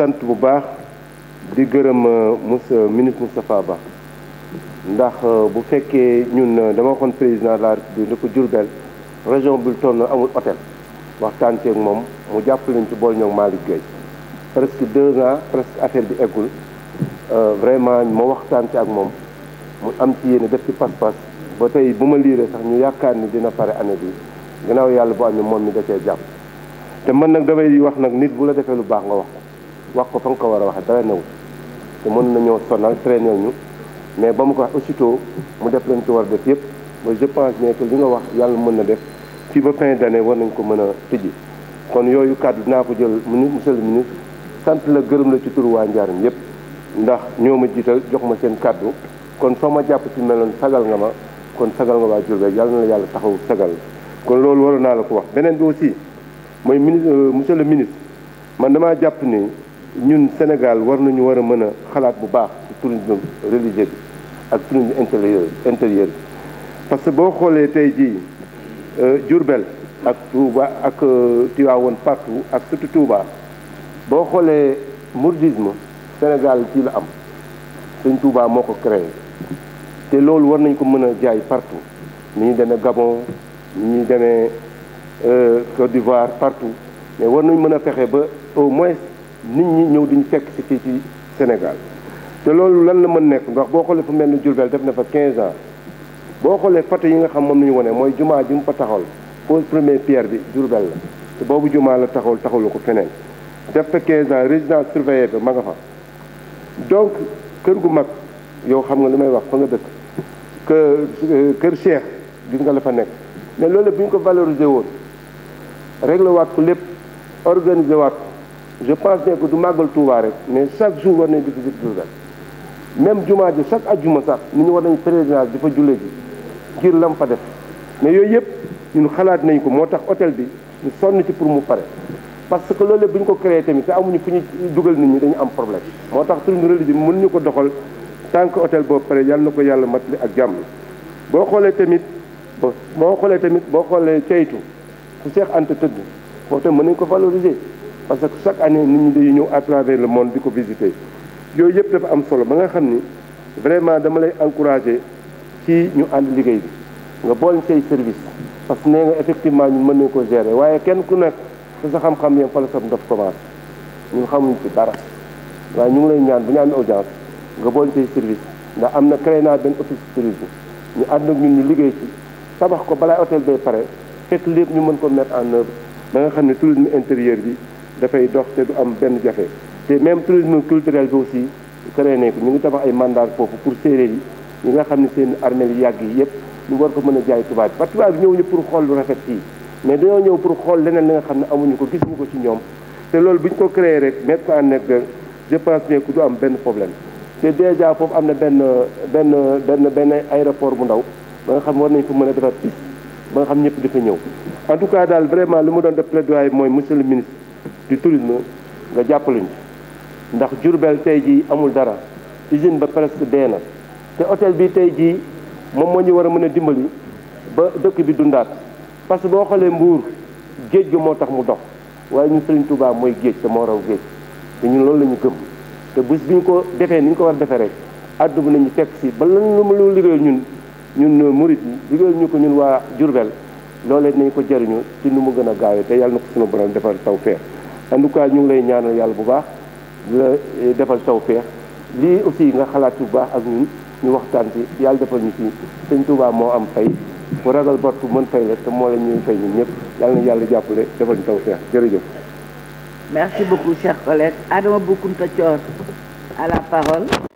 sant bu baax di gërëm euh, monsieur ministre Moustapha Ba ndax euh, bu fekkee ñun euh, dama waxoon président de la République ne ko Diourbel région bi na amul hôtel waxtaan ceeg moom mu jàpp leen ci bool ñoom Malick Gueye presque deux ans presque affaire bi eggul vraiment ma waxtaan ci ak moom mu am ci yéen def ci pas-pas ba tey bu ma liiree sax ñu yaakaar ni dina pare année bi gannaaw yàlla bu amee moom mi defee jàpp te mën nag damay wax nag nit bu la defee lu baax nga wax wax ko fa nga ko war a wax dara newul te mën na ñoo sonal traîner ñu mais ba mu ko wax aussitôt mu def leen ci war def yëpp ba je pense ne que li yàlla mën na def fii ba fin war nañ ko mën a tijji kon yooyu kàddu dinaa ko jël ministre monsieur le ministre sant la gërëm la ci turu waa Njaaram yëpp ndax ñoo ma jiital jox ma seen kàddu kon soo ma jàpp ci meloon sagal nga ma kon sagal nga waa Diourbel yàlla na la yàlla taxaw sagal kon loolu waroon naa la ko wax beneen bi aussi mooy ministre euh, monsieur le ministre man damaa jàpp ni ñun Sénégal war nañu war a mën a xalaat bu baax ci tourisme religieux bi ak tourisme intérieur bi parce que boo xoolee tey jii euh, Diourbel ak Touba ak euh, Tivaouane partout ak surtout Touba boo xoolee mouridisme Sénégal ci la am sëñ Touba moo ko créé te loolu war nañ ko mën a jaay partout ni ñu demee Gabon ni ñu demee euh, Côte d'Ivoire partout mais war nañ mën a fexe ba au moins nit ñi ñëw diñu fekk ci fii ci Sénégal te loolu lan la mën nekk ndax boo xoolee fu mel ni Diourbel def na fa quinze ans boo xoolee photo yi nga xam moom nañu wane mooy jumaa ji mu fa taxawal pose première pierre bi Diourbel la te boobu jumaa la taxawal taxawlu ko feneen def fa 15 ans résidence surveillée bi ma nga fa donc kër gu mag yow xam nga li may wax fa nga dëkk kër euh, Cheikh gis nga la fa nekk mais loolu bu ñu ko valoriser woon réglé ko lépp organiser waat ko je pense que du màggal Touba rek mais chaque jour war nañ di visite Diourbel même jumaa ji chaque ajjuma sax ni ñu war nañ pèlerinage di fa julle ji ngir lam fa def mais yooyu yëpp ñun xalaat nañ ko moo tax otel bi ñu sonn ci pour mu pare parce que loolu bu ñu ko créé tamit te amuñu fu ñu dugal nit ñi dañu am problème moo tax tourisme religieux mun ñu ko doxal tant que hôtel boobu pare yàlla na ko yàlla matali ak jàmm boo xoolee tamit boo xoolee tamit boo xoolee ceytu ku Cheikh Anta tëdd parce que chaque année nit ñi day ñëw à travers le monde di ko visiter yooyu yëpp dafa am solo ba nga xam ni vraiment dama lay encourager ci ñu ànd liggéey bi nga bool say service parce que nee nga effectivement ñu mën nañ ko gérer waaye kenn ku nekk sa xam-xam yéen fala sam daf commencé ñun xamuñ ci dara waaye ñu ngi lay ñaan bu ñu amee audience nga boole say service ndax am na créé naa benn office tourisme ñu ànd ak ñun ñu liggéey ci tabax ko balaa hôtel bay pare ñu mën ko mettre en nga xam ne tourisme intérieur bi dafay même tourisme culturel aussi mandat pour yi nga armée yi parce que mais ñëw pour je pense ne ku du am problème déjà foofu en tout cas vraiment mu le ministre du tourisme nga jàppale ndax Jurbel tey jii amul dara usine ba presque dee na te hôtel bi tey jii moom moo ñu war a mën a dimbali ba dëkk bi dundaat parce que boo xoolee Mbuur géej gi moo tax mu dox waaye ñun Sëriñ Tuubaa mooy géej te moo raw géej te ñun loolu la ñu gëm te bés bi ñu ko defee ni ñu ko war a defee rek àdduna nañu fekk si ba lan lu ma ñun ñun murit yi liggéeyal ñu ko ñun waa Jurbel loolee nañ ko jëriñu ci nu mu gën a gaawee te yàlla na ko suñu borom defal tawfeex en tout cas ñu ngi lay ñaanal yàlla bu baax la eh, defal tawfeex li aussi nga xalaat bu baax ak ñun ñu waxtaan ci yàlla defal ñu ci sëñ Tuubaa moo am fay ku ragal bor ku mën fay la te moo la ñuy fay ñun ñëpp yàlla na yàlla jàppale defal ñu tawfeex jërëjëf. merci beaucoup chers collègues Adama Boukounta Thior à la parole.